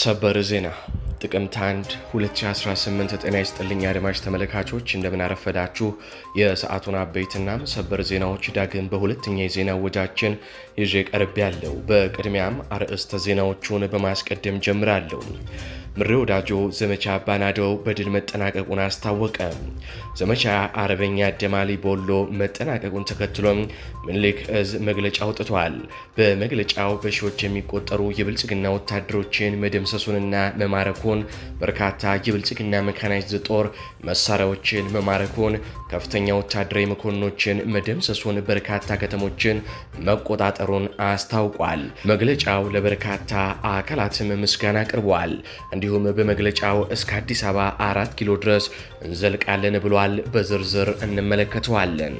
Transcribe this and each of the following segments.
ሰበር ዜና ጥቅምት 1 2018። ጤና ይስጥልኝ አድማጭ ተመልካቾች፣ እንደምን አረፈዳችሁ። የሰዓቱን አበይትና ሰበር ዜናዎች ዳግም በሁለተኛ የዜና ወጃችን ይዤ ቀርቤ ያለው። በቅድሚያም አርዕስተ ዜናዎቹን በማስቀደም ጀምራለሁ። ምሬ ወዳጆ ዘመቻ ባናደው በድል መጠናቀቁን አስታወቀ። ዘመቻ አርበኛ ደማሊ ቦሎ መጠናቀቁን ተከትሎም ምኒልክ እዝ መግለጫ አውጥቷል። በመግለጫው በሺዎች የሚቆጠሩ የብልጽግና ወታደሮችን መደምሰሱንና መማረኩን፣ በርካታ የብልጽግና መካናይዝድ ጦር መሳሪያዎችን መማረኩን፣ ከፍተኛ ወታደራዊ መኮንኖችን መደምሰሱን፣ በርካታ ከተሞችን መቆጣጠሩን አስታውቋል። መግለጫው ለበርካታ አካላትም ምስጋና አቅርቧል። እንዲሁም በመግለጫው እስከ አዲስ አበባ አራት ኪሎ ድረስ እንዘልቃለን ብሏል። በዝርዝር እንመለከተዋለን።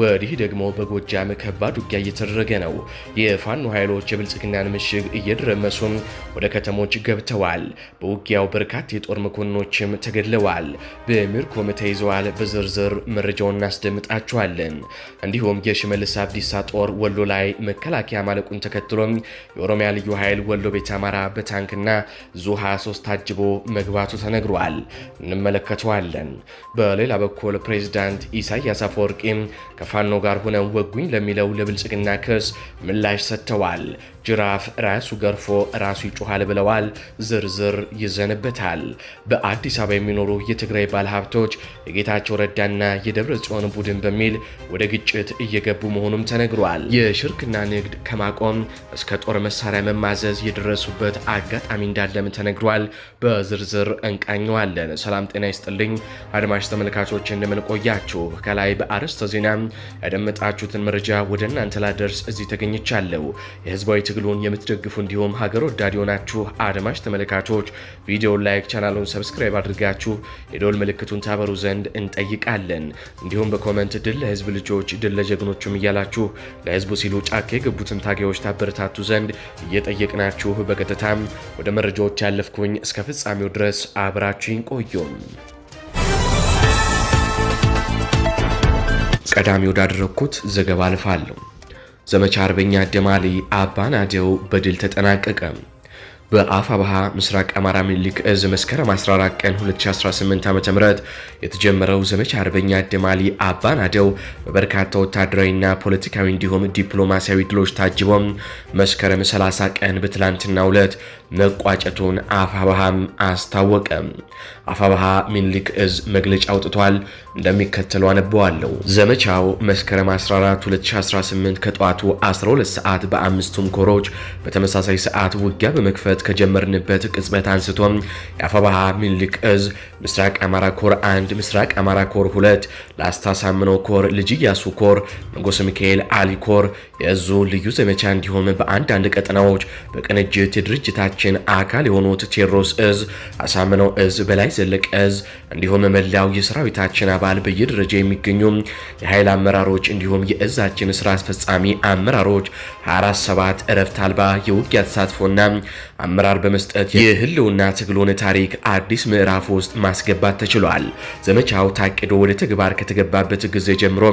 ወዲህ ደግሞ በጎጃም ከባድ ውጊያ እየተደረገ ነው። የፋኖ ኃይሎች የብልጽግናን ምሽግ እየደረመሱም ወደ ከተሞች ገብተዋል። በውጊያው በርካታ የጦር መኮንኖችም ተገድለዋል፣ በምርኮም ተይዘዋል። በዝርዝር መረጃውን እናስደምጣቸዋለን። እንዲሁም የሽመልስ አብዲሳ ጦር ወሎ ላይ መከላከያ ማለቁን ተከትሎም የኦሮሚያ ልዩ ኃይል ወሎ ቤት አማራ በታንክና ዙሃ 3 ታጅቦ መግባቱ ተነግሯል። እንመለከተዋለን። በሌላ በኩል ፕሬዚዳንት ኢሳያስ አፈወርቂም ከፋኖ ጋር ሆነው ወጉኝ ለሚለው ለብልጽግና ክስ ምላሽ ሰጥተዋል። ጅራፍ ራሱ ገርፎ ራሱ ይጮኋል ብለዋል። ዝርዝር ይዘንበታል። በአዲስ አበባ የሚኖሩ የትግራይ ባለሀብቶች የጌታቸው ረዳና የደብረ ጽዮን ቡድን በሚል ወደ ግጭት እየገቡ መሆኑም ተነግሯል። የሽርክና ንግድ ከማቆም እስከ ጦር መሳሪያ መማዘዝ የደረሱበት አጋጣሚ እንዳለም ተነግሯል። በዝርዝር እንቃኘዋለን። ሰላም ጤና ይስጥልኝ አድማጭ ተመልካቾች፣ እንደምንቆያችሁ ከላይ በአርዕስተ ዜና ያደመጣችሁትን መረጃ ወደ እናንተ ላደርስ እዚህ ተገኝቻለሁ። የህዝባዊ ትግሉን የምትደግፉ እንዲሁም ሀገር ወዳድ የሆናችሁ አድማጭ ተመልካቾች ቪዲዮን ላይክ፣ ቻናሉን ሰብስክራይብ አድርጋችሁ የዶል ምልክቱን ታበሩ ዘንድ እንጠይቃለን። እንዲሁም በኮመንት ድል ለህዝብ ልጆች ድል ለጀግኖቹም እያላችሁ ለህዝቡ ሲሉ ጫካ የገቡትን ታጋዮች ታበረታቱ ዘንድ እየጠየቅናችሁ በቀጥታም ወደ መረጃዎች ያለፍኩኝ እስከ ፍጻሜው ድረስ አብራችን ቆዩም። ቀዳሚ ወዳደረግኩት ዘገባ አልፋለሁ። ዘመቻ አርበኛ ደማሊ አባናደው በድል ተጠናቀቀ። በአፋብሃ ምስራቅ አማራ ሚኒሊክ እዝ መስከረም 14 ቀን 2018 ዓ.ም የተጀመረው ዘመቻ አርበኛ ደማሊ አባናደው በበርካታ ወታደራዊና ፖለቲካዊ እንዲሁም ዲፕሎማሲያዊ ድሎች ታጅቦም መስከረም 30 ቀን በትላንትናው ዕለት መቋጨቱን አፋብሃም አስታወቀ። አፋባሃ ሚኒሊክ እዝ መግለጫ አውጥቷል፣ እንደሚከተለው አነበዋለሁ። ዘመቻው መስከረም 14 2018 ከጠዋቱ 12 ሰዓት በአምስቱም ኮሮች በተመሳሳይ ሰዓት ውጊያ በመክፈት መመስረት ከጀመርንበት ቅጽበት አንስቶ የአፈባሃ ሚኒልክ እዝ ምስራቅ አማራ ኮር አንድ፣ ምስራቅ አማራ ኮር ሁለት፣ ላስታ ሳምኖ ኮር፣ ልጅ ኢያሱ ኮር፣ ንጉስ ሚካኤል አሊ ኮር የእዙ ልዩ ዘመቻ እንዲሁም በአንዳንድ ቀጠናዎች በቅንጅት የድርጅታችን አካል የሆኑት ቴዎድሮስ እዝ፣ አሳምነው እዝ፣ በላይ ዘለቅ እዝ እንዲሁም መላው የሰራዊታችን አባል በየደረጃ የሚገኙ የኃይል አመራሮች እንዲሁም የእዛችን ስራ አስፈጻሚ አመራሮች 24/7 እረፍት አልባ የውጊያ ተሳትፎና አመራር በመስጠት የህልውና ትግሉን ታሪክ አዲስ ምዕራፍ ውስጥ ማስገባት ተችሏል። ዘመቻው ታቅዶ ወደ ተግባር ከተገባበት ጊዜ ጀምሮ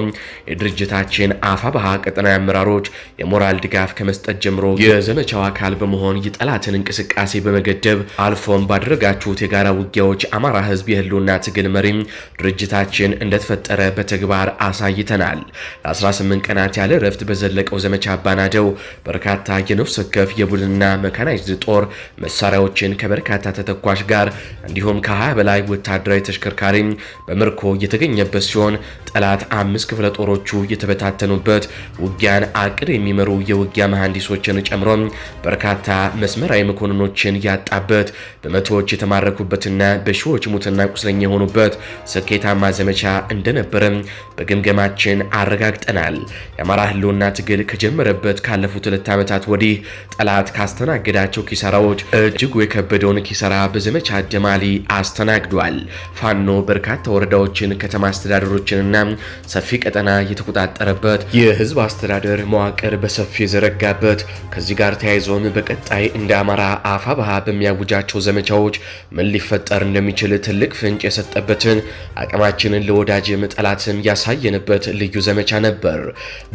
የድርጅታችን አፋብሃ ቀጠና አመራሮች የሞራል ድጋፍ ከመስጠት ጀምሮ የዘመቻው አካል በመሆን የጠላትን እንቅስቃሴ በመገደብ አልፎም ባደረጋችሁት የጋራ ውጊያዎች አማራ ህዝብ የህልውና ትግል መሪ ድርጅታችን እንደተፈጠረ በተግባር አሳይተናል። ለ18 ቀናት ያለ እረፍት በዘለቀው ዘመቻ አባናደው በርካታ የነፍስ ወከፍ የቡድንና መካናይዝድ ጦር ጦር መሳሪያዎችን ከበርካታ ተተኳሽ ጋር እንዲሁም ከ20 በላይ ወታደራዊ ተሽከርካሪ በምርኮ የተገኘበት ሲሆን ጠላት አምስት ክፍለ ጦሮቹ የተበታተኑበት ውጊያን አቅድ የሚመሩ የውጊያ መሐንዲሶችን ጨምሮ በርካታ መስመራዊ መኮንኖችን ያጣበት በመቶዎች የተማረኩበትና በሺዎች ሙትና ቁስለኛ የሆኑበት ስኬታማ ዘመቻ እንደነበረ በግምገማችን አረጋግጠናል። የአማራ ህልውና ትግል ከጀመረበት ካለፉት ሁለት ዓመታት ወዲህ ጠላት ካስተናገዳቸው ኪሳ አማራዎች እጅጉ የከበደውን ኪሳራ በዘመቻ ደማሊ አስተናግዷል። ፋኖ በርካታ ወረዳዎችን፣ ከተማ አስተዳደሮችንና ሰፊ ቀጠና የተቆጣጠረበት የህዝብ አስተዳደር መዋቅር በሰፊ የዘረጋበት ከዚህ ጋር ተያይዞም በቀጣይ እንደ አማራ አፋብሃ በሚያውጃቸው ዘመቻዎች ምን ሊፈጠር እንደሚችል ትልቅ ፍንጭ የሰጠበትን አቅማችንን ለወዳጅም ጠላትም ያሳየንበት ልዩ ዘመቻ ነበር።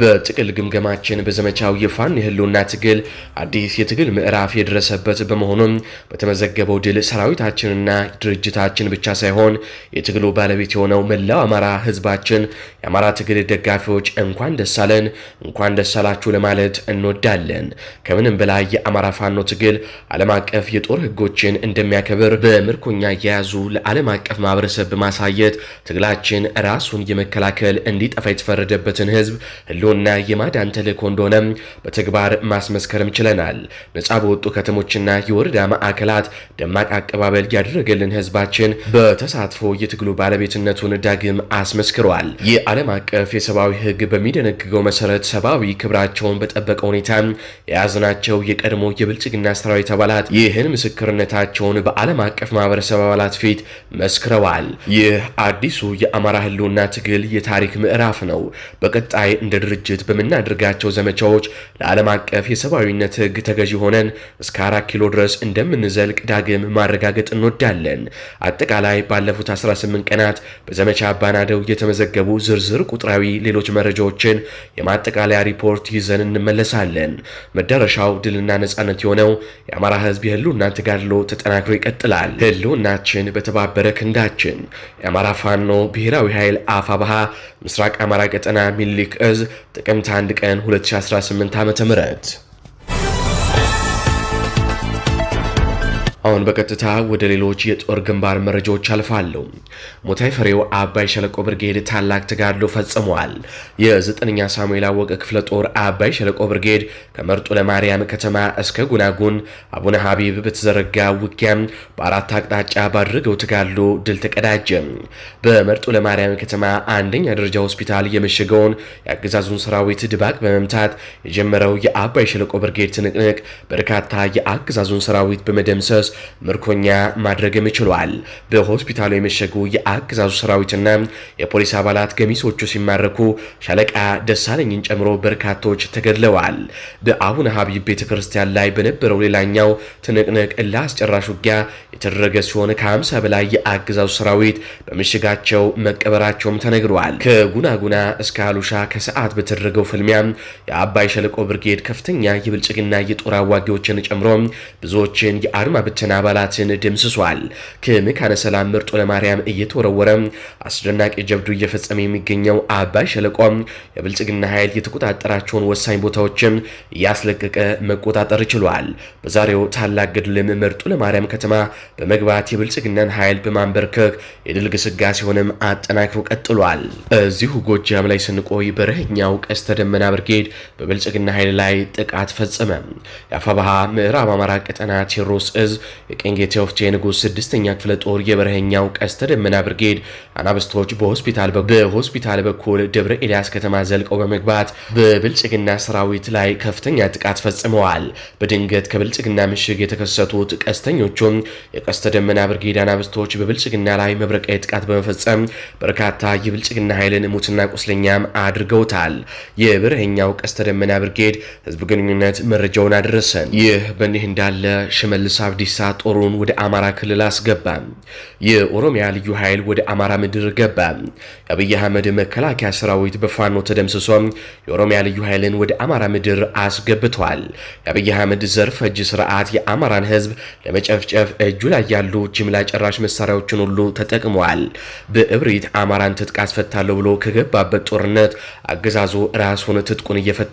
በጥቅል ግምገማችን በዘመቻው የፋኖ የህልውና ትግል አዲስ የትግል ምዕራፍ የደረሰበት የተገኘበት በመሆኑም በተመዘገበው ድል ሰራዊታችንና ድርጅታችን ብቻ ሳይሆን የትግሉ ባለቤት የሆነው መላው አማራ ህዝባችን፣ የአማራ ትግል ደጋፊዎች እንኳን ደሳለን እንኳን ደሳላችሁ ለማለት እንወዳለን። ከምንም በላይ የአማራ ፋኖ ትግል ዓለም አቀፍ የጦር ህጎችን እንደሚያከብር በምርኮኛ እየያዙ ለዓለም አቀፍ ማህበረሰብ በማሳየት ትግላችን ራሱን የመከላከል እንዲጠፋ የተፈረደበትን ህዝብ ህልውና የማዳን ተልእኮ እንደሆነም በተግባር ማስመስከርም ችለናል። ነጻ በወጡ ከተሞች የዞኖችና የወረዳ ማዕከላት ደማቅ አቀባበል ያደረገልን ህዝባችን በተሳትፎ የትግሉ ባለቤትነቱን ዳግም አስመስክረዋል። የዓለም አቀፍ የሰብአዊ ህግ በሚደነግገው መሰረት ሰብአዊ ክብራቸውን በጠበቀ ሁኔታ የያዝናቸው የቀድሞ የብልጽግና ሰራዊት አባላት ይህን ምስክርነታቸውን በዓለም አቀፍ ማህበረሰብ አባላት ፊት መስክረዋል። ይህ አዲሱ የአማራ ህልውና ትግል የታሪክ ምዕራፍ ነው። በቀጣይ እንደ ድርጅት በምናደርጋቸው ዘመቻዎች ለዓለም አቀፍ የሰብአዊነት ህግ ተገዢ ሆነን እስከ አራት ኪሎ ድረስ እንደምንዘልቅ ዳግም ማረጋገጥ እንወዳለን። አጠቃላይ ባለፉት 18 ቀናት በዘመቻ አባናደው የተመዘገቡ ዝርዝር ቁጥራዊ ሌሎች መረጃዎችን የማጠቃለያ ሪፖርት ይዘን እንመለሳለን። መዳረሻው ድልና ነጻነት የሆነው የአማራ ህዝብ የህልውና ተጋድሎ ተጠናክሮ ይቀጥላል። ህልውናችን በተባበረ ክንዳችን። የአማራ ፋኖ ብሔራዊ ኃይል አፋባሃ ምስራቅ አማራ ቀጠና ሚኒሊክ እዝ ጥቅምት 1 ቀን 2018 ም አሁን በቀጥታ ወደ ሌሎች የጦር ግንባር መረጃዎች አልፋለሁ። ሞታይ ፈሬው አባይ ሸለቆ ብርጌድ ታላቅ ተጋድሎ ፈጽመዋል። የዘጠነኛ ሳሙኤል አወቀ ክፍለ ጦር አባይ ሸለቆ ብርጌድ ከመርጦ ለማርያም ከተማ እስከ ጉናጉን አቡነ ሀቢብ በተዘረጋ ውጊያም በአራት አቅጣጫ ባድረገው ተጋድሎ ድል ተቀዳጀ። በመርጦ ለማርያም ከተማ አንደኛ ደረጃ ሆስፒታል የመሸገውን የአገዛዙን ሰራዊት ድባቅ በመምታት የጀመረው የአባይ ሸለቆ ብርጌድ ትንቅንቅ በርካታ የአገዛዙን ሰራዊት በመደምሰስ ምርኮኛ ማድረግም ችሏል። በሆስፒታሉ የመሸጉ የአገዛዙ ሰራዊትና የፖሊስ አባላት ገሚሶቹ ሲማረኩ ሻለቃ ደሳለኝን ጨምሮ በርካቶች ተገድለዋል። በአቡነ ሀቢብ ቤተክርስቲያን ላይ በነበረው ሌላኛው ትንቅንቅ ለአስጨራሽ ውጊያ የተደረገ ሲሆን ከ50 በላይ የአገዛዙ ሰራዊት በምሽጋቸው መቀበራቸውም ተነግሯል። ከጉናጉና እስከ አሉሻ ከሰዓት በተደረገው ፍልሚያ የአባይ ሸለቆ ብርጌድ ከፍተኛ የብልጽግና የጦር አዋጊዎችን ጨምሮ ብዙዎችን የአድማ ብተና የቡድን አባላትን ደምስሷል። ከመካነ ሰላም ምርጦ ለማርያም እየተወረወረ አስደናቂ ጀብዱ እየፈጸመ የሚገኘው አባይ ሸለቆ የብልጽግና ኃይል የተቆጣጠራቸውን ወሳኝ ቦታዎችም እያስለቀቀ መቆጣጠር ችሏል። በዛሬው ታላቅ ገድልም ምርጡ ለማርያም ከተማ በመግባት የብልጽግናን ኃይል በማንበርከክ የድል ግስጋ ሲሆንም አጠናክሮ ቀጥሏል። እዚሁ ጎጃም ላይ ስንቆይ በረህኛው ቀስተ ደመና ብርጌድ በብልጽግና ኃይል ላይ ጥቃት ፈጸመ። የአፋባሃ ምዕራብ አማራ ቀጠና ቴዎድሮስ እዝ የቀኝጌታ ወፍቼ ንጉስ ስድስተኛ ክፍለ ጦር የበረሀኛው ቀስተ ደመና ብርጌድ አናብስቶች በሆስፒታል በኩል ደብረ ኤልያስ ከተማ ዘልቀው በመግባት በብልጽግና ሰራዊት ላይ ከፍተኛ ጥቃት ፈጽመዋል። በድንገት ከብልጽግና ምሽግ የተከሰቱት ቀስተኞቹም የቀስተ ደመና ብርጌድ አናብስቶች በብልጽግና ላይ መብረቃዊ ጥቃት በመፈጸም በርካታ የብልጽግና ኃይልን ሙትና ቁስለኛም አድርገውታል። የበረሀኛው ቀስተ ደመና ብርጌድ ህዝብ ግንኙነት መረጃውን አደረሰን። ይህ በእንዲህ እንዳለ ሽመልስ አብዲስ ኢብሳ ጦሩን ወደ አማራ ክልል አስገባ። የኦሮሚያ ልዩ ኃይል ወደ አማራ ምድር ገባ። የአብይ አህመድ መከላከያ ሰራዊት በፋኖ ተደምስሶ የኦሮሚያ ልዩ ኃይልን ወደ አማራ ምድር አስገብቷል። የአብይ አህመድ ዘርፍ እጅ ስርዓት የአማራን ህዝብ ለመጨፍጨፍ እጁ ላይ ያሉ ጅምላ ጨራሽ መሳሪያዎችን ሁሉ ተጠቅመዋል። በእብሪት አማራን ትጥቅ አስፈታለሁ ብሎ ከገባበት ጦርነት አገዛዙ ራሱን ትጥቁን እየፈታ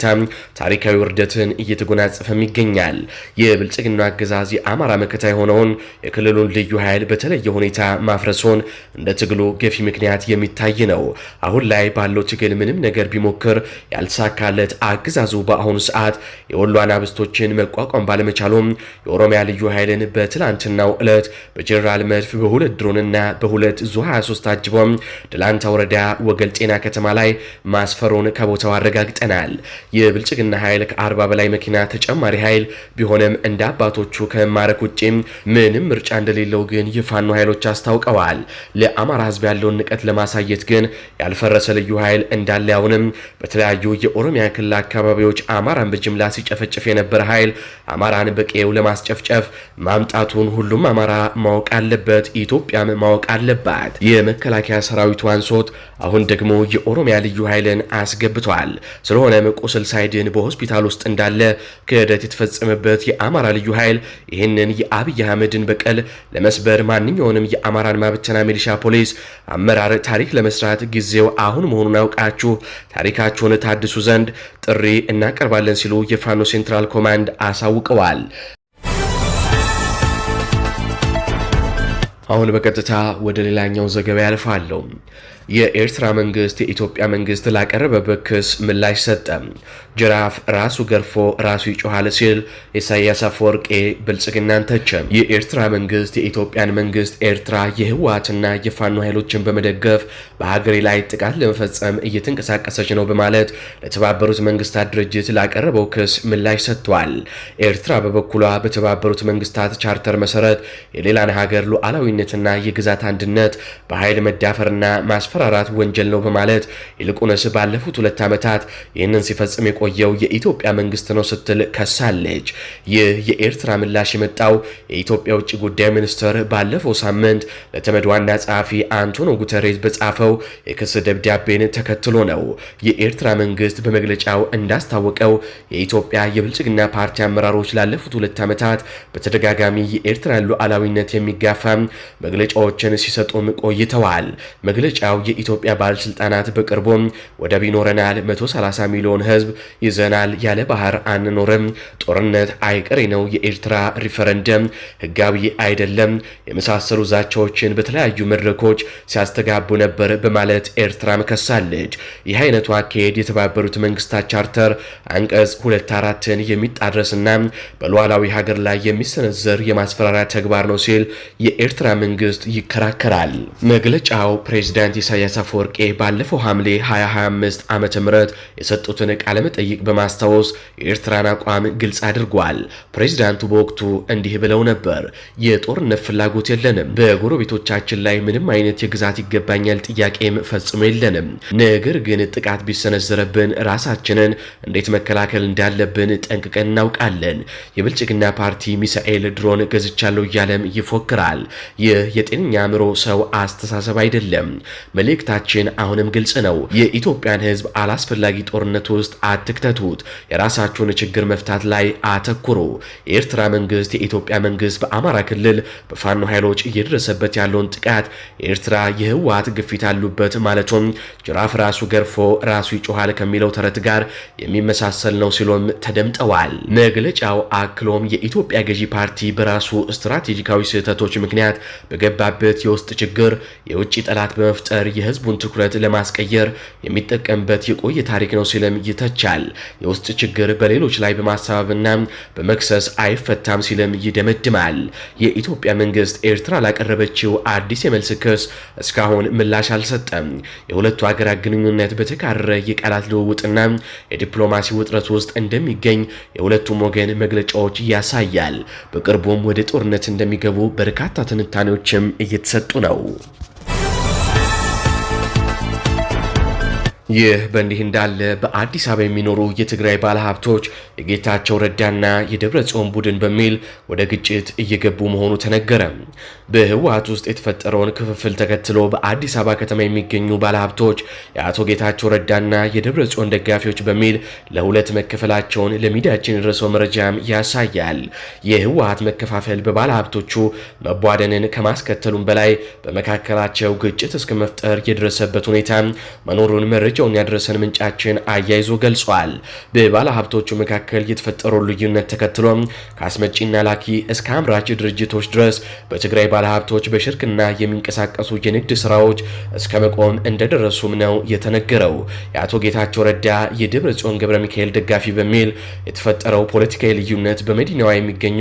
ታሪካዊ ውርደትን እየተጎናጸፈም ይገኛል። የብልጽግና አገዛዝ የአማራ መከታ የሆነውን የክልሉን ልዩ ኃይል በተለየ ሁኔታ ማፍረሱን እንደ ትግሉ ገፊ ምክንያት የሚታይ ነው። አሁን ላይ ባለው ትግል ምንም ነገር ቢሞክር ያልተሳካለት አገዛዙ በአሁኑ ሰዓት የወሎ አናብስቶችን መቋቋም ባለመቻሉም የኦሮሚያ ልዩ ኃይልን በትላንትናው ዕለት በጀኔራል መድፍ በሁለት ድሮንና በሁለት ዙ 23 ታጅቦም ደላንታ ወረዳ ወገል ጤና ከተማ ላይ ማስፈሩን ከቦታው አረጋግጠናል። የብልጽግና ኃይል ከአርባ በላይ መኪና ተጨማሪ ኃይል ቢሆንም እንደ አባቶቹ ከማረክ ውጭ ውጪም ምንም ምርጫ እንደሌለው ግን የፋኖ ኃይሎች አስታውቀዋል። ለአማራ ህዝብ ያለውን ንቀት ለማሳየት ግን ያልፈረሰ ልዩ ኃይል እንዳለ አሁንም በተለያዩ የኦሮሚያ ክልል አካባቢዎች አማራን በጅምላ ሲጨፈጭፍ የነበረ ኃይል አማራን በቀየው ለማስጨፍጨፍ ማምጣቱን ሁሉም አማራ ማወቅ አለበት፣ ኢትዮጵያም ማወቅ አለባት። የመከላከያ ሰራዊቱ አንሶት አሁን ደግሞ የኦሮሚያ ልዩ ኃይልን አስገብቷል። ስለሆነም ቁስል ሳይድን በሆስፒታል ውስጥ እንዳለ ክህደት የተፈጸመበት የአማራ ልዩ ኃይል ይህንን የአብይ አህመድን በቀል ለመስበር ማንኛውንም የአማራን ማብቸና ሚሊሻ ፖሊስ አመራር ታሪክ ለመስራት ጊዜው አሁን መሆኑን አውቃችሁ ታሪካችሁን ታድሱ ዘንድ ጥሪ እናቀርባለን ሲሉ የፋኖ ሴንትራል ኮማንድ አሳውቀዋል። አሁን በቀጥታ ወደ ሌላኛው ዘገባ ያልፋለሁ። የኤርትራ መንግስት የኢትዮጵያ መንግስት ላቀረበበት ክስ ምላሽ ሰጠ። ጅራፍ ራሱ ገርፎ ራሱ ይጮኋል ሲል ኢሳያስ አፈወርቄ ብልጽግናን ተቸ። የኤርትራ መንግስት የኢትዮጵያን መንግስት ኤርትራ የህወሓትና የፋኖ ኃይሎችን በመደገፍ በሀገሬ ላይ ጥቃት ለመፈጸም እየተንቀሳቀሰች ነው በማለት ለተባበሩት መንግስታት ድርጅት ላቀረበው ክስ ምላሽ ሰጥቷል። ኤርትራ በበኩሏ በተባበሩት መንግስታት ቻርተር መሰረት የሌላን ሀገር ሉዓላዊነትና የግዛት አንድነት በኃይል መዳፈርና ማስፈ ማስፈራራት ወንጀል ነው በማለት ይልቁንስ ባለፉት ሁለት ዓመታት ይህንን ሲፈጽም የቆየው የኢትዮጵያ መንግስት ነው ስትል ከሳለች። ይህ የኤርትራ ምላሽ የመጣው የኢትዮጵያ ውጭ ጉዳይ ሚኒስትር ባለፈው ሳምንት ለተመድ ዋና ጸሐፊ አንቶኒ ጉተሬዝ በጻፈው የክስ ደብዳቤን ተከትሎ ነው። የኤርትራ መንግስት በመግለጫው እንዳስታወቀው የኢትዮጵያ የብልጽግና ፓርቲ አመራሮች ላለፉት ሁለት ዓመታት በተደጋጋሚ የኤርትራን ሉዓላዊነት የሚጋፋ መግለጫዎችን ሲሰጡም ቆይተዋል። መግለጫው የኢትዮጵያ ባለስልጣናት በቅርቡ ወደብ ይኖረናል፣ 130 ሚሊዮን ህዝብ ይዘናል፣ ያለ ባህር አንኖርም፣ ጦርነት አይቀሬ ነው፣ የኤርትራ ሪፈረንደም ህጋዊ አይደለም፣ የመሳሰሉ ዛቻዎችን በተለያዩ መድረኮች ሲያስተጋቡ ነበር በማለት ኤርትራም ከሳለች። ይህ አይነቱ አካሄድ የተባበሩት መንግስታት ቻርተር አንቀጽ ሁለት አራትን የሚጣረስና በሉዓላዊ ሀገር ላይ የሚሰነዘር የማስፈራሪያ ተግባር ነው ሲል የኤርትራ መንግስት ይከራከራል። መግለጫው ፕሬዚዳንት ኢሳያስ አፈወርቄ ባለፈው ሐምሌ 2025 ዓመተ ምህረት የሰጡትን ቃለ መጠይቅ በማስታወስ የኤርትራን አቋም ግልጽ አድርጓል። ፕሬዚዳንቱ በወቅቱ እንዲህ ብለው ነበር። የጦርነት ፍላጎት የለንም። በጎረቤቶቻችን ላይ ምንም አይነት የግዛት ይገባኛል ጥያቄም ፈጽሞ የለንም። ነገር ግን ጥቃት ቢሰነዘረብን ራሳችንን እንዴት መከላከል እንዳለብን ጠንቅቀን እናውቃለን። የብልጽግና ፓርቲ ሚሳኤል ድሮን ገዝቻለሁ እያለም ይፎክራል። ይህ የጤነኛ አእምሮ ሰው አስተሳሰብ አይደለም። መልእክታችን አሁንም ግልጽ ነው። የኢትዮጵያን ሕዝብ አላስፈላጊ ጦርነት ውስጥ አትክተቱት። የራሳችሁን ችግር መፍታት ላይ አተኩሩ። የኤርትራ መንግስት፣ የኢትዮጵያ መንግስት በአማራ ክልል በፋኖ ኃይሎች እየደረሰበት ያለውን ጥቃት የኤርትራ የህወሓት ግፊት አሉበት ማለቱም ጅራፍ ራሱ ገርፎ ራሱ ይጮኋል ከሚለው ተረት ጋር የሚመሳሰል ነው ሲሉም ተደምጠዋል። መግለጫው አክሎም የኢትዮጵያ ገዢ ፓርቲ በራሱ ስትራቴጂካዊ ስህተቶች ምክንያት በገባበት የውስጥ ችግር የውጭ ጠላት በመፍጠር የህዝቡን ትኩረት ለማስቀየር የሚጠቀምበት የቆየ ታሪክ ነው ሲልም ይተቻል። የውስጥ ችግር በሌሎች ላይ በማሳበብና በመክሰስ አይፈታም ሲልም ይደመድማል። የኢትዮጵያ መንግስት ኤርትራ ላቀረበችው አዲስ የመልስ ክስ እስካሁን ምላሽ አልሰጠም። የሁለቱ ሀገራት ግንኙነት በተካረረ የቃላት ልውውጥና የዲፕሎማሲ ውጥረት ውስጥ እንደሚገኝ የሁለቱም ወገን መግለጫዎች ያሳያል። በቅርቡም ወደ ጦርነት እንደሚገቡ በርካታ ትንታኔዎችም እየተሰጡ ነው። ይህ በእንዲህ እንዳለ በአዲስ አበባ የሚኖሩ የትግራይ ባለሀብቶች የጌታቸው ረዳና የደብረ ጽዮን ቡድን በሚል ወደ ግጭት እየገቡ መሆኑ ተነገረ። በህወሀት ውስጥ የተፈጠረውን ክፍፍል ተከትሎ በአዲስ አበባ ከተማ የሚገኙ ባለሀብቶች የአቶ ጌታቸው ረዳና የደብረ ጽዮን ደጋፊዎች በሚል ለሁለት መከፈላቸውን ለሚዲያችን የደረሰው መረጃም ያሳያል። የህወሀት መከፋፈል በባለሀብቶቹ መቧደንን ከማስከተሉም በላይ በመካከላቸው ግጭት እስከ መፍጠር የደረሰበት ሁኔታ መኖሩን መረጃውን ያደረሰን ምንጫችን አያይዞ ገልጿል። በባለሀብቶቹ መካከል የተፈጠረው ልዩነት ተከትሎ ከአስመጪና ላኪ እስከ አምራች ድርጅቶች ድረስ በትግራይ ባለሀብቶች በሽርክና የሚንቀሳቀሱ የንግድ ስራዎች እስከ መቆም እንደደረሱም ነው የተነገረው። የአቶ ጌታቸው ረዳ የደብረ ጽዮን ገብረ ሚካኤል ደጋፊ በሚል የተፈጠረው ፖለቲካዊ ልዩነት በመዲናዋ የሚገኙ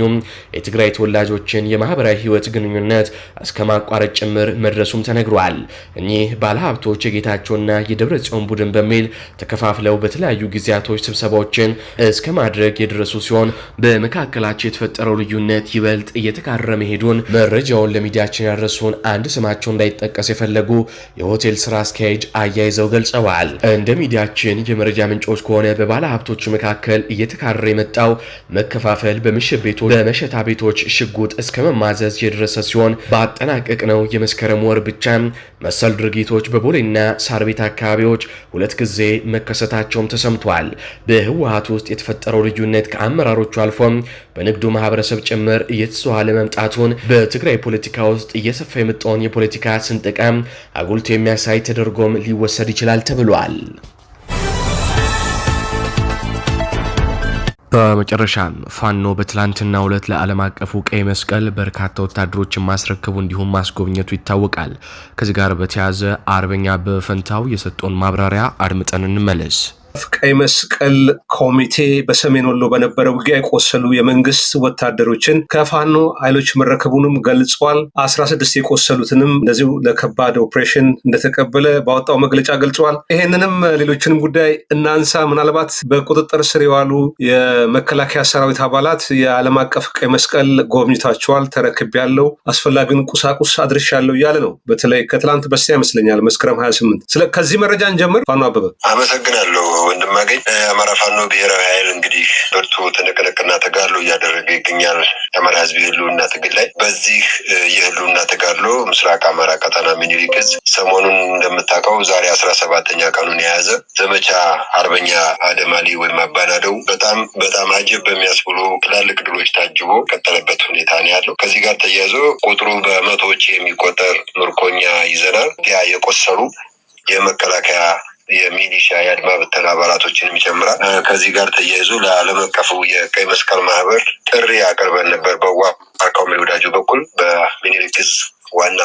የትግራይ ተወላጆችን የማህበራዊ ህይወት ግንኙነት እስከ ማቋረጥ ጭምር መድረሱም ተነግሯል። እኚህ ባለሀብቶች የጌታቸውና የደብረ ጽዮን ቡድን በሚል ተከፋፍለው በተለያዩ ጊዜያቶች ስብሰባዎችን እስከ ማድረግ የደረሱ ሲሆን በመካከላቸው የተፈጠረው ልዩነት ይበልጥ እየተካረ መሄዱን መረጃው መረጃውን ለሚዲያችን ያደረሱን አንድ ስማቸው እንዳይጠቀስ የፈለጉ የሆቴል ስራ አስኪያጅ አያይዘው ገልጸዋል። እንደ ሚዲያችን የመረጃ ምንጮች ከሆነ በባለ ሀብቶች መካከል እየተካረረ የመጣው መከፋፈል በምሽት ቤቶች፣ በመሸታ ቤቶች ሽጉጥ እስከ መማዘዝ የደረሰ ሲሆን በአጠናቀቅ ነው የመስከረም ወር ብቻ መሰል ድርጊቶች በቦሌና ሳር ቤት አካባቢዎች ሁለት ጊዜ መከሰታቸውም ተሰምቷል። በህወሀት ውስጥ የተፈጠረው ልዩነት ከአመራሮቹ አልፎም በንግዱ ማህበረሰብ ጭምር እየተስተዋለ መምጣቱን በትግራይ ፖ ፖለቲካ ውስጥ እየሰፋ የመጣውን የፖለቲካ ስንጥቃ አጉልቶ የሚያሳይ ተደርጎም ሊወሰድ ይችላል ተብሏል። በመጨረሻም ፋኖ በትላንትና ሁለት ለዓለም አቀፉ ቀይ መስቀል በርካታ ወታደሮችን ማስረከቡ እንዲሁም ማስጎብኘቱ ይታወቃል። ከዚህ ጋር በተያያዘ አርበኛ በፈንታው የሰጠውን ማብራሪያ አድምጠን እንመለስ። ቀይ መስቀል ኮሚቴ በሰሜን ወሎ በነበረ ውጊያ የቆሰሉ የመንግስት ወታደሮችን ከፋኖ ኃይሎች መረከቡንም ገልጿል። አስራ ስድስት የቆሰሉትንም እንደዚሁ ለከባድ ኦፕሬሽን እንደተቀበለ ባወጣው መግለጫ ገልጿል። ይህንንም ሌሎችንም ጉዳይ እናንሳ። ምናልባት በቁጥጥር ስር የዋሉ የመከላከያ ሰራዊት አባላት የዓለም አቀፍ ቀይ መስቀል ጎብኝታቸዋል፣ ያለው አስፈላጊውን ቁሳቁስ አድርሻ ያለው እያለ ነው። በተለይ ከትላንት በስቲያ ይመስለኛል መስከረም 28 ስለ ከዚህ መረጃ እንጀምር። ፋኖ አበበ አመሰግናለሁ። ወንድማገኝ የአማራ ፋኖ ብሔራዊ ኃይል እንግዲህ ብርቱ ትንቅንቅና ተጋድሎ እያደረገ ይገኛል። የአማራ ህዝብ የህልውና ትግል ላይ በዚህ የህልውና ተጋድሎ ምስራቅ አማራ ቀጠና ሚኒሊክ እዝ ሰሞኑን እንደምታውቀው ዛሬ አስራ ሰባተኛ ቀኑን የያዘ ዘመቻ አርበኛ አደማሊ ወይም አባናደው በጣም በጣም አጀብ በሚያስብሎ ትላልቅ ድሎች ታጅቦ ቀጠለበት ሁኔታ ነው ያለው። ከዚህ ጋር ተያይዞ ቁጥሩ በመቶዎች የሚቆጠር ምርኮኛ ይዘናል። ያ የቆሰሉ የመከላከያ የሚሊሻ የአድማ ብተና አባላቶችን ይጨምራል። ከዚህ ጋር ተያይዞ ለዓለም አቀፉ የቀይ መስቀል ማህበር ጥሪ አቅርበን ነበር። በዋ አርካው ወዳጁ በኩል በሚኒሊክስ ዋና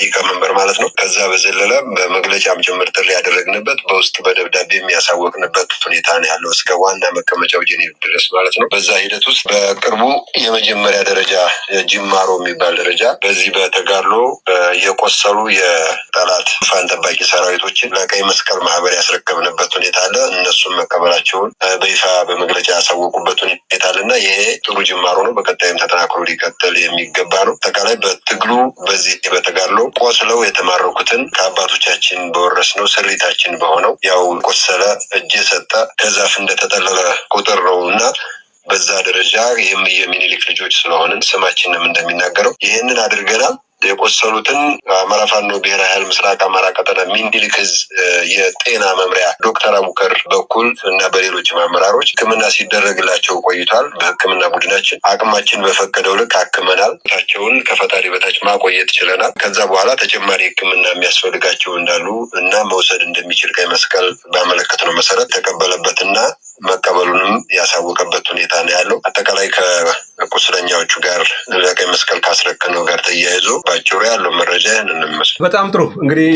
ሊቀመንበር ማለት ነው። ከዛ በዘለለ በመግለጫም ጭምር ጥሪ ያደረግንበት በውስጥ በደብዳቤ የሚያሳወቅንበት ሁኔታ ነው ያለው እስከ ዋና መቀመጫው ጄኔቭ ድረስ ማለት ነው። በዛ ሂደት ውስጥ በቅርቡ የመጀመሪያ ደረጃ ጅማሮ የሚባል ደረጃ በዚህ በተጋድሎ የቆሰሉ የጠላት ፋን ጠባቂ ሰራዊቶችን ለቀይ መስቀል ማህበር ያስረከብንበት ሁኔታ አለ። እነሱም መቀበላቸውን በይፋ በመግለጫ ያሳወቁበት ሁኔታ አለ እና ይሄ ጥሩ ጅማሮ ነው። በቀጣይም ተጠናክሮ ሊቀጥል የሚገባ ነው። አጠቃላይ በትግሉ በዚህ በተጋድሎ ቆስለው የተማረኩትን ከአባቶቻችን በወረስነው ስሪታችን በሆነው ያው ቆሰለ እጅ ሰጠ ከዛፍ እንደተጠለለ ቁጥር ነው እና በዛ ደረጃ የሚኒሊክ ልጆች ስለሆንን ስማችንም እንደሚናገረው ይህንን አድርገናል። የቆሰሉትን አማራ ፋኖ ብሔራዊ ኃይል ምስራቅ አማራ ቀጠና ሚኒሊክ ዕዝ የጤና መምሪያ ዶክተር አቡከር በኩል እና በሌሎችም አመራሮች ሕክምና ሲደረግላቸው ቆይቷል። በሕክምና ቡድናችን አቅማችን በፈቀደው ልክ አክመናል። ታቸውን ከፈጣሪ በታች ማቆየት ችለናል። ከዛ በኋላ ተጨማሪ ሕክምና የሚያስፈልጋቸው እንዳሉ እና መውሰድ እንደሚችል ቀይ መስቀል ባመለከት ነው መሰረት ተቀበለበትና መቀበሉንም ያሳወቀበት ሁኔታ ነው ያለው። አጠቃላይ ከቁስለኛዎቹ ጋር ለቀይ መስቀል ካስረከነው ጋር ተያይዞ ባጭሩ ያለው መረጃ ይህንን የሚመስለው በጣም ጥሩ። እንግዲህ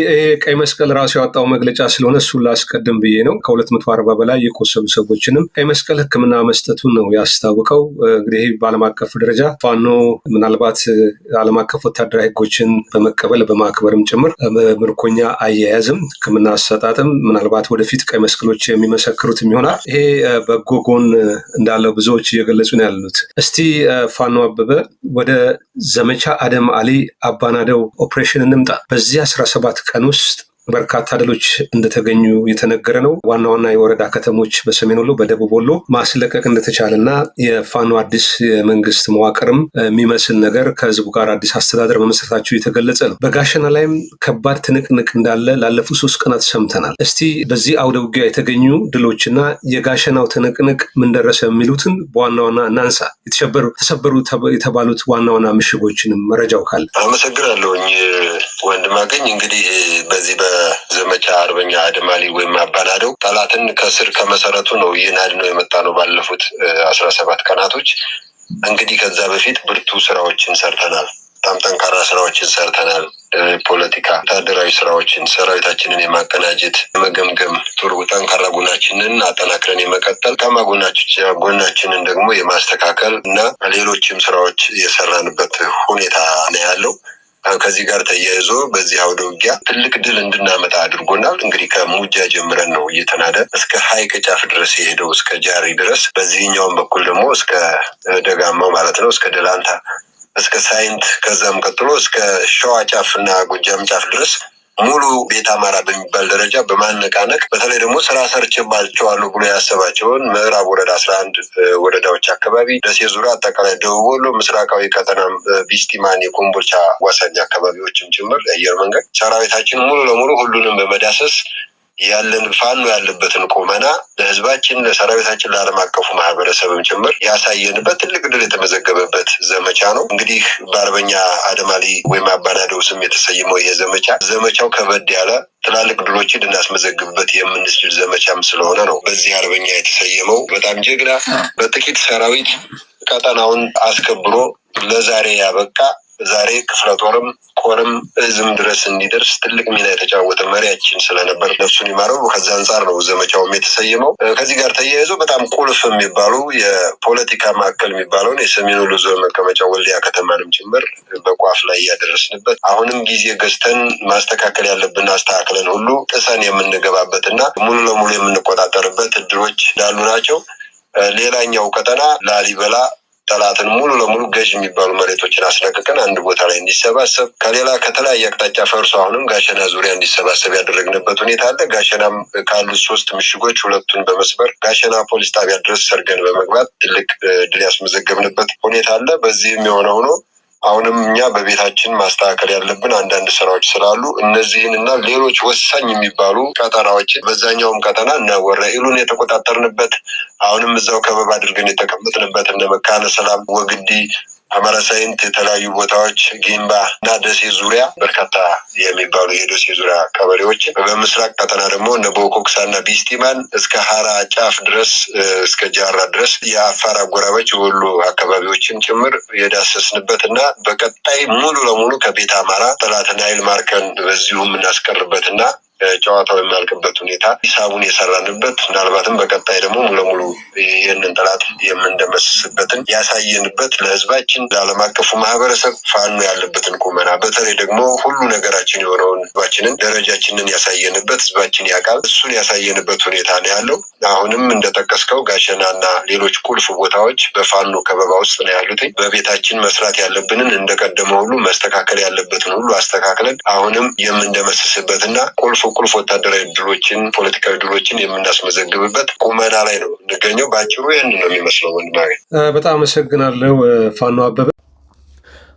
ቀይ መስቀል ራሱ ያወጣው መግለጫ ስለሆነ እሱን ላስቀድም ብዬ ነው። ከሁለት መቶ አርባ በላይ የቆሰሉ ሰዎችንም ቀይ መስቀል ሕክምና መስጠቱን ነው ያስታወቀው። እንግዲህ በዓለም አቀፍ ደረጃ ፋኖ ምናልባት ዓለም አቀፍ ወታደራዊ ሕጎችን በመቀበል በማክበርም ጭምር ምርኮኛ አያያዝም ሕክምና አሰጣጥም ምናልባት ወደፊት ቀይ መስቀሎች የሚመሰክሩትም ይሆናል ይሄ በጎ ጎን እንዳለው ብዙዎች እየገለጹ ነው ያሉት። እስቲ ፋኖ አበበ ወደ ዘመቻ አደም አሊ አባናደው ኦፕሬሽን እንምጣ። በዚህ አስራ ሰባት ቀን ውስጥ በርካታ ድሎች እንደተገኙ የተነገረ ነው። ዋና ዋና የወረዳ ከተሞች በሰሜን ወሎ፣ በደቡብ ወሎ ማስለቀቅ እንደተቻለ እና የፋኖ አዲስ የመንግስት መዋቅርም የሚመስል ነገር ከህዝቡ ጋር አዲስ አስተዳደር መመስረታቸው የተገለጸ ነው። በጋሸና ላይም ከባድ ትንቅንቅ እንዳለ ላለፉት ሶስት ቀናት ሰምተናል። እስቲ በዚህ አውደ ውጊያ የተገኙ ድሎችና የጋሸናው ትንቅንቅ ምን ደረሰ የሚሉትን በዋና ዋና እናንሳ። ተሰበሩ የተባሉት ዋና ዋና ምሽጎችንም መረጃው ካለ አመሰግናለሁ። ወንድማገኝ እንግዲህ በዚህ በዘመቻ አርበኛ አደማሊ ወይም አባናደው ጠላትን ከስር ከመሰረቱ ነው ይህን ነው የመጣ ነው ባለፉት አስራ ሰባት ቀናቶች እንግዲህ ከዛ በፊት ብርቱ ስራዎችን ሰርተናል። በጣም ጠንካራ ስራዎችን ሰርተናል። ፖለቲካ፣ ወታደራዊ ስራዎችን፣ ሰራዊታችንን የማቀናጀት መገምገም፣ ጥሩ ጠንካራ ጎናችንን አጠናክረን የመቀጠል ታማ ጎናችንን ደግሞ የማስተካከል እና ሌሎችም ስራዎች የሰራንበት ሁኔታ ነው ያለው። ከዚህ ጋር ተያይዞ በዚህ አውደ ውጊያ ትልቅ ድል እንድናመጣ አድርጎናል። እንግዲህ ከሙጃ ጀምረን ነው እየተናደ እስከ ሀይቅ ጫፍ ድረስ የሄደው እስከ ጃሪ ድረስ፣ በዚህኛውም በኩል ደግሞ እስከ ደጋማው ማለት ነው እስከ ደላንታ እስከ ሳይንት ከዛም ቀጥሎ እስከ ሸዋ ጫፍ እና ጎጃም ጫፍ ድረስ ሙሉ ቤት አማራ በሚባል ደረጃ በማነቃነቅ በተለይ ደግሞ ስራ ሰርችባቸዋሉ ብሎ ያሰባቸውን ምዕራብ ወረዳ አስራ አንድ ወረዳዎች አካባቢ ደሴ ዙሪያ፣ አጠቃላይ ደቡብ ወሎ፣ ምስራቃዊ ቀጠና ቢስቲማን፣ የኮምቦልቻ ዋሳኝ አካባቢዎችም ጭምር የአየር መንገድ ሰራዊታችን ሙሉ ለሙሉ ሁሉንም በመዳሰስ ያለን ፋኖ ያለበትን ቁመና ለህዝባችን፣ ለሰራዊታችን፣ ለዓለም አቀፉ ማህበረሰብም ጭምር ያሳየንበት ትልቅ ድል የተመዘገበበት ዘመቻ ነው። እንግዲህ በአርበኛ አደማሊ ወይም አባዳደው ስም የተሰየመው ይህ ዘመቻ ዘመቻው ከበድ ያለ ትላልቅ ድሎችን እናስመዘግብበት የምንችል ዘመቻም ስለሆነ ነው በዚህ አርበኛ የተሰየመው። በጣም ጀግና በጥቂት ሰራዊት ቀጠናውን አስከብሮ ለዛሬ ያበቃ ዛሬ ክፍለ ጦርም ኮርም እዝም ድረስ እንዲደርስ ትልቅ ሚና የተጫወተ መሪያችን ስለነበር ነፍሱን ይማረው። ከዚ አንጻር ነው ዘመቻውም የተሰየመው። ከዚህ ጋር ተያይዞ በጣም ቁልፍ የሚባሉ የፖለቲካ ማዕከል የሚባለውን የሰሜኑ ልዞ መቀመጫ ወልዲያ ከተማንም ጭምር በቋፍ ላይ እያደረስንበት አሁንም ጊዜ ገዝተን ማስተካከል ያለብን አስተካክለን ሁሉ ጥሰን የምንገባበት እና ሙሉ ለሙሉ የምንቆጣጠርበት እድሎች እንዳሉ ናቸው። ሌላኛው ቀጠና ላሊበላ ጠላትን ሙሉ ለሙሉ ገዥ የሚባሉ መሬቶችን አስለቅቀን አንድ ቦታ ላይ እንዲሰባሰብ ከሌላ ከተለያየ አቅጣጫ ፈርሶ አሁንም ጋሸና ዙሪያ እንዲሰባሰብ ያደረግንበት ሁኔታ አለ። ጋሸናም ካሉት ሶስት ምሽጎች ሁለቱን በመስበር ጋሸና ፖሊስ ጣቢያ ድረስ ሰርገን በመግባት ትልቅ ድል ያስመዘገብንበት ሁኔታ አለ። በዚህም የሆነ ሆኖ አሁንም እኛ በቤታችን ማስተካከል ያለብን አንዳንድ ስራዎች ስላሉ እነዚህን እና ሌሎች ወሳኝ የሚባሉ ቀጠናዎችን በዛኛውም ቀጠና እነ ወረኢሉን የተቆጣጠርንበት አሁንም እዛው ከበብ አድርገን የተቀመጥንበት እነ መካነ ሰላም፣ ወግዲ አማራ የተለያዩ ቦታዎች ጊንባ እና ደሴ ዙሪያ በርካታ የሚባሉ የደሴ ዙሪያ አካባቢዎች በምስራቅ ቀጠና ደግሞ እነ ቦኮክሳ እና ቢስቲማን እስከ ሀራ ጫፍ ድረስ እስከ ጃራ ድረስ የአፋር አጎራባች የወሎ አካባቢዎችን ጭምር የዳሰስንበት እና በቀጣይ ሙሉ ለሙሉ ከቤት አማራ ጠላትን ኃይል ማርከን በዚሁም እናስቀርበት እና ጨዋታው የሚያልቅበት ሁኔታ ሂሳቡን የሰራንበት ምናልባትም በቀጣይ ደግሞ ሙሉ ለሙሉ ይህንን ጠላት የምንደመስስበትን ያሳየንበት ለህዝባችን ለዓለም አቀፉ ማህበረሰብ ፋኖ ያለበትን ቁመና በተለይ ደግሞ ሁሉ ነገራችን የሆነውን ህዝባችንን ደረጃችንን ያሳየንበት ህዝባችን ያውቃል እሱን ያሳየንበት ሁኔታ ነው ያለው። አሁንም እንደጠቀስከው ጋሸና እና ሌሎች ቁልፍ ቦታዎች በፋኖ ከበባ ውስጥ ነው ያሉት። በቤታችን መስራት ያለብንን እንደቀደመ ሁሉ መስተካከል ያለበትን ሁሉ አስተካክለን አሁንም የምንደመስስበትና ቁልፍ ቁልፍ ወታደራዊ ድሎችን፣ ፖለቲካዊ ድሎችን የምናስመዘግብበት ቁመና ላይ ነው የምንገኘው። በአጭሩ ይህን ነው የሚመስለው። ወንድማዊ በጣም አመሰግናለሁ ፋኖ አበበ።